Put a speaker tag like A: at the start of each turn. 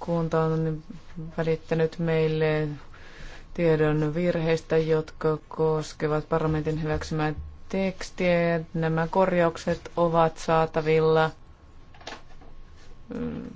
A: kunta on välittänyt meille tiedon virheistä, jotka koskevat parlamentin hyväksymää tekstiä. Nämä korjaukset ovat saatavilla mm.